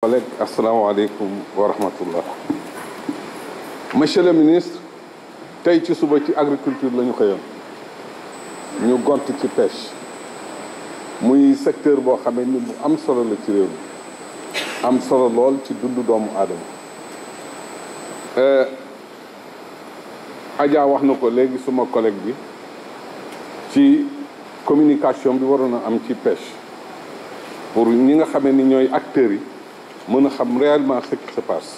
السلام عليكم ورحمة الله. مشي المينستر تيجي صوبة تي agriculture لنا خيام. نيوغان تيجي pesh. مي سектор بوا خامنئي أمسرة لتريهم. أمسرة لول تي دلو دام آدم. أجا واحد نكوليجي سوما كوليجي. تي communication بيورونا أم تي pesh. بور نينغ خامنئي نيوي أكتري. mën a xam réellement ce qui se passe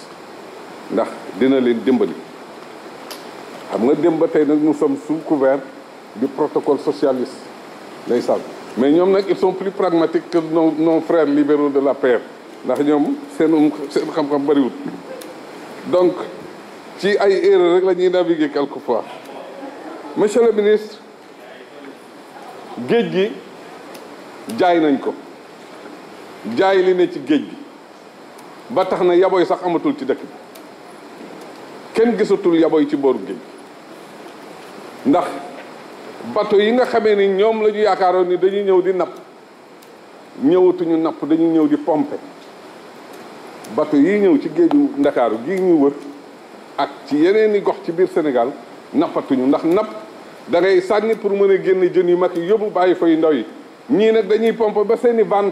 ndax dina leen dimbali xam nga démb ba tey nag nous sommes sous couvert du protocole socialiste mais ñoom nag ils sont plus pragmatiques que nos frères libéraux de la paix ndax ñoom seen um, seen xam-xam bëriwul donc ci ay erreur rek la ñuy naviguer fois. monsieur le ministre géej gi jaay nañ ko jaay li ne ci géej gi ba tax na yaboy sax amatul ci dëkk bi kenn gisatul yaboy ci booru géej ndax bato yi nga xamee ni ñoom la ñu yaakaaroon ni dañuy ñëw di napp ñëwatuñu napp dañuy ñëw di pompe bato yi ñëw ci géeju ndakaaru gi ñu wër ak ci yeneeni gox ci biir Sénégal nappatuñu ndax napp dangay sànni pour mën a génn jën yu mag yi yóbbu bàyyi fa yu ndaw yi ñii nag dañuy pompe ba seen i van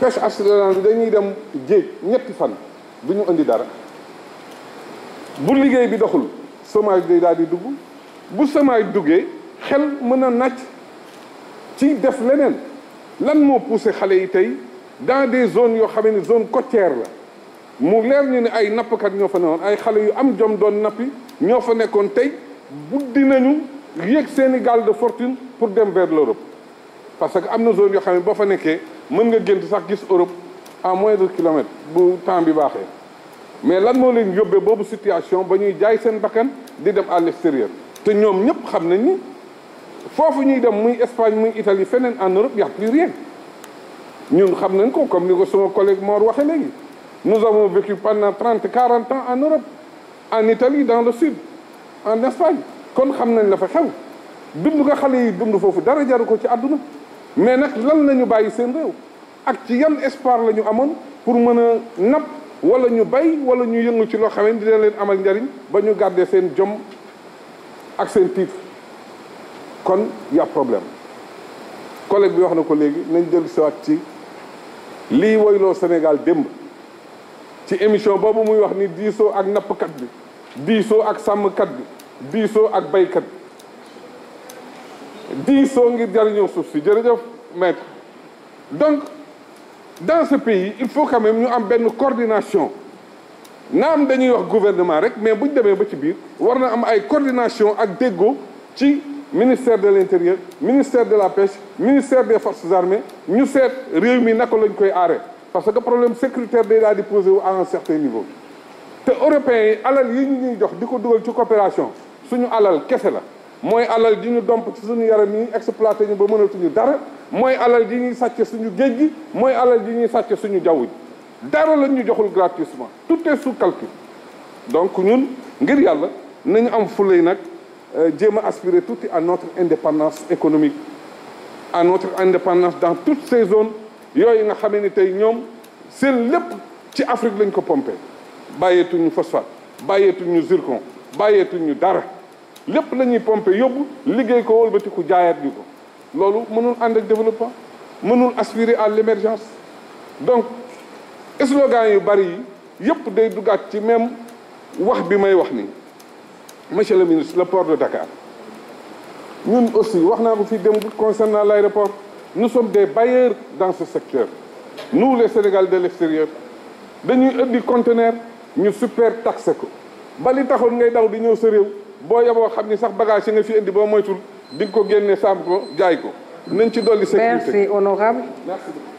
pêche artisanale bi dañuy dem géej ñetti fan du ñu indi dara bu liggéey bi doxul chômage day daal di dugg bu chômage duggee xel mën a nàcc ci def leneen lan moo poussé xale yi tey dans des zones yoo xam ne zone côtière la mu leer ñu ne ay nappkat ñoo fa newoon ay xale yu am jom doon nappi ñoo fa nekkoon tey buddi nañu yéeg seeni gaal de fortune pour dem vers l'Europe parce que am na zone yoo xam ne boo fa nekkee mën nga gént sax gis Europe à moins de kilomètre bu temps bi baaxee mais lan moo leen yóbbee boobu situation ba ñuy jaay seen bakkan di dem à extérieur te ñoom ñëpp xam nañ ni foofu ñuy dem muy Espagne muy Italie feneen en Europe y a plus rien ñun xam nañ ko comme ni ko sama collègue Mor waxee léegi nous avons vécu pendant 30 40 ans en Europe en Italie dans le sud en Espagne kon xam nañ la fa xew dund nga xale yi dund foofu dara jaru ko ci àdduna mais nag lan la ñu bàyyi seen réew ak ci yan espoir la ñu amoon pour mën a napp wala ñu bay wala ñu yëngu ci loo xam ne dina leen amal njariñ ba ñu gàddee seen jom ak seen titre kon y problème collègue bi wax na ko léegi nañ dellu siwaat ci lii woyloo Sénégal démb ci émission boobu muy wax ni diisoo ak nappkat bi diisoo ak sàmmkat bi diisoo ak baykat bi maître donc dans ce pays il faut quand même nous am une coordination Nous avons un gouvernement mais buñ avons une ci avec am ay coordination ak le ministère de l'intérieur ministère de la pêche ministère des forces armées ñu sommes réew mi parce que le problème sécuritaire est là à un certain niveau Les européens ils ont yi ñuy jox une coopération suñu alal moy alal di ñu domp ci suñu yaram yi exploité ñu ba mënatuñu dara moy alal di ñuy sàcc suñu géej moy alal di ñuy sàcc suñu jaww ji dara la ñu joxul gratuitement tout est sous calcul donc ñun ngir yàlla nañu am fulay nag euh, jéem a aspirer tuuti à notre indépendance économique à notre indépendance dans toutes ces zones yooyu nga xamee ni tey ñoom seen lépp ci Afrique lañ ko pompé bàyyeetuñu phosphate bàyyeetuñu zircon bàyyeetuñu dara lépp la ñuy pompé yóbbu liggéey ko wëlbatiku jaayaat bi ko loolu mënul ànd ak développement mënul aspirer à l' émergence donc slogan yu bari yi yëpp day duggaat ci même wax bi may wax ni monsieur le ministre le port de Dakar ñun aussi wax naa ko fii démb concernant l' aéroport nous sommes des bailleurs dans ce secteur nous les Sénégalais de l' extérieur dañuy conteneur ñu super taxé ko ba li taxoon ngay daw di ñëw sa réew boo yeboo xam ni sax bagage yi nga fi indi boo moytul di nga ko génne sàmm ko jaay ko nañ ci dolli sécurité merci honorable merci